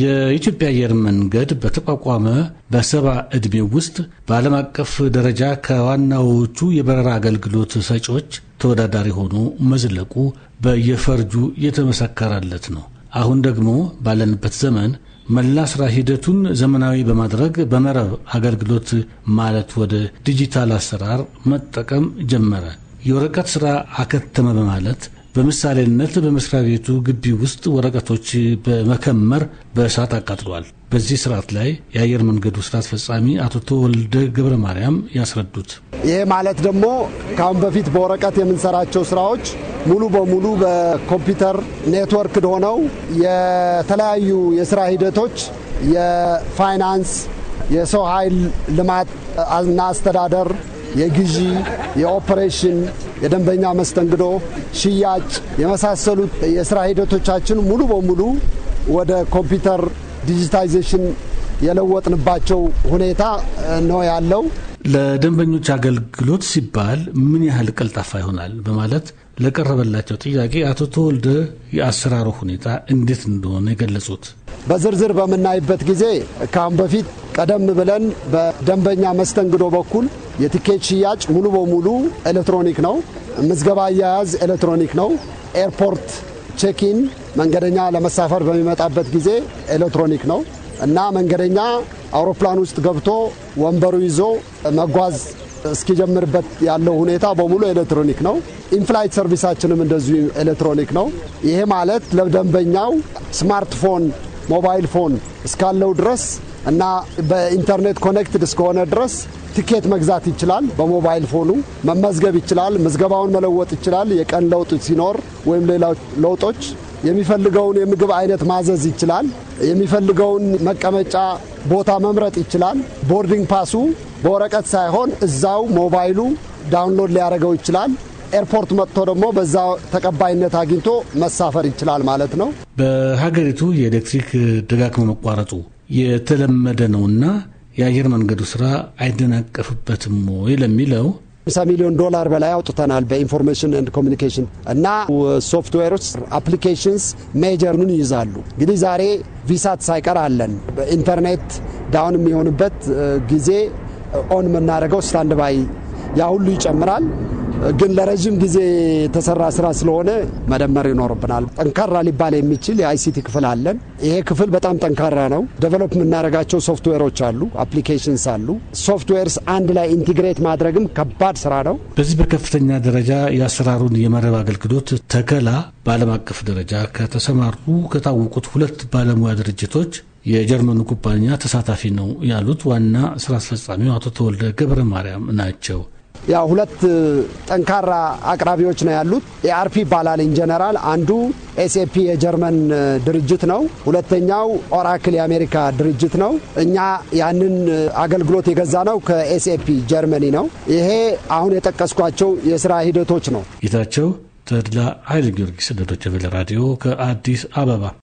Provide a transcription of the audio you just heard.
የኢትዮጵያ አየር መንገድ በተቋቋመ በሰባ ዕድሜ ውስጥ በዓለም አቀፍ ደረጃ ከዋናዎቹ የበረራ አገልግሎት ሰጪዎች ተወዳዳሪ ሆኖ መዝለቁ በየፈርጁ የተመሰከረለት ነው። አሁን ደግሞ ባለንበት ዘመን መላ ስራ ሂደቱን ዘመናዊ በማድረግ በመረብ አገልግሎት ማለት ወደ ዲጂታል አሰራር መጠቀም ጀመረ። የወረቀት ስራ አከተመ በማለት በምሳሌነት በመስሪያ ቤቱ ግቢ ውስጥ ወረቀቶች በመከመር በእሳት አቃጥሏል። በዚህ ስርዓት ላይ የአየር መንገዱ ስራ አስፈጻሚ አቶ ተወልደ ገብረ ማርያም ያስረዱት ይህ ማለት ደግሞ ከአሁን በፊት በወረቀት የምንሰራቸው ስራዎች ሙሉ በሙሉ በኮምፒውተር ኔትወርክ ሆነው የተለያዩ የስራ ሂደቶች የፋይናንስ፣ የሰው ኃይል ልማት እና አስተዳደር የግዢ፣ የኦፕሬሽን፣ የደንበኛ መስተንግዶ፣ ሽያጭ የመሳሰሉት የስራ ሂደቶቻችን ሙሉ በሙሉ ወደ ኮምፒውተር ዲጂታይዜሽን የለወጥንባቸው ሁኔታ ነው ያለው። ለደንበኞች አገልግሎት ሲባል ምን ያህል ቀልጣፋ ይሆናል በማለት ለቀረበላቸው ጥያቄ አቶ ተወልደ የአሰራሩ ሁኔታ እንዴት እንደሆነ የገለጹት በዝርዝር በምናይበት ጊዜ ከአሁን በፊት ቀደም ብለን በደንበኛ መስተንግዶ በኩል የቲኬት ሽያጭ ሙሉ በሙሉ ኤሌክትሮኒክ ነው። ምዝገባ አያያዝ ኤሌክትሮኒክ ነው። ኤርፖርት ቼኪን መንገደኛ ለመሳፈር በሚመጣበት ጊዜ ኤሌክትሮኒክ ነው እና መንገደኛ አውሮፕላን ውስጥ ገብቶ ወንበሩ ይዞ መጓዝ እስኪጀምርበት ያለው ሁኔታ በሙሉ ኤሌክትሮኒክ ነው። ኢንፍላይት ሰርቪሳችንም እንደዚሁ ኤሌክትሮኒክ ነው። ይሄ ማለት ለደንበኛው ስማርትፎን፣ ሞባይል ፎን እስካለው ድረስ እና በኢንተርኔት ኮኔክትድ እስከሆነ ድረስ ትኬት መግዛት ይችላል። በሞባይል ፎኑ መመዝገብ ይችላል። ምዝገባውን መለወጥ ይችላል። የቀን ለውጥ ሲኖር ወይም ሌላ ለውጦች የሚፈልገውን የምግብ አይነት ማዘዝ ይችላል። የሚፈልገውን መቀመጫ ቦታ መምረጥ ይችላል። ቦርዲንግ ፓሱ በወረቀት ሳይሆን እዛው ሞባይሉ ዳውንሎድ ሊያደርገው ይችላል። ኤርፖርት መጥቶ ደግሞ በዛ ተቀባይነት አግኝቶ መሳፈር ይችላል ማለት ነው። በሀገሪቱ የኤሌክትሪክ ደጋግሞ መቋረጡ የተለመደ ነውና የአየር መንገዱ ስራ አይደናቀፍበትም ወይ ለሚለው ሃምሳ ሚሊዮን ዶላር በላይ አውጥተናል በኢንፎርሜሽን ኤንድ ኮሚኒኬሽን እና ሶፍትዌሮች አፕሊኬሽንስ ሜጀርን ይይዛሉ። እንግዲህ ዛሬ ቪሳት ሳይቀር አለን። ኢንተርኔት ዳውን የሚሆንበት ጊዜ ኦን የምናደርገው ስታንድ ባይ ያ ሁሉ ይጨምራል። ግን ለረዥም ጊዜ የተሰራ ስራ ስለሆነ መደመር ይኖርብናል። ጠንካራ ሊባል የሚችል የአይሲቲ ክፍል አለን። ይሄ ክፍል በጣም ጠንካራ ነው። ዴቨሎፕ የምናደርጋቸው ሶፍትዌሮች አሉ፣ አፕሊኬሽንስ አሉ። ሶፍትዌርስ አንድ ላይ ኢንቲግሬት ማድረግም ከባድ ስራ ነው። በዚህ በከፍተኛ ደረጃ የአሰራሩን የመረብ አገልግሎት ተከላ በዓለም አቀፍ ደረጃ ከተሰማሩ ከታወቁት ሁለት ባለሙያ ድርጅቶች የጀርመኑ ኩባንያ ተሳታፊ ነው ያሉት ዋና ስራ አስፈጻሚው አቶ ተወልደ ገብረ ማርያም ናቸው። ያው ሁለት ጠንካራ አቅራቢዎች ነው ያሉት። ኤአርፒ ይባላል ኢንጀነራል። አንዱ ኤስኤፒ የጀርመን ድርጅት ነው። ሁለተኛው ኦራክል የአሜሪካ ድርጅት ነው። እኛ ያንን አገልግሎት የገዛ ነው ከኤስኤፒ ጀርመኒ ነው። ይሄ አሁን የጠቀስኳቸው የስራ ሂደቶች ነው። ጌታቸው ተድላ ኃይለ ጊዮርጊስ ቬለ ራዲዮ ከአዲስ አበባ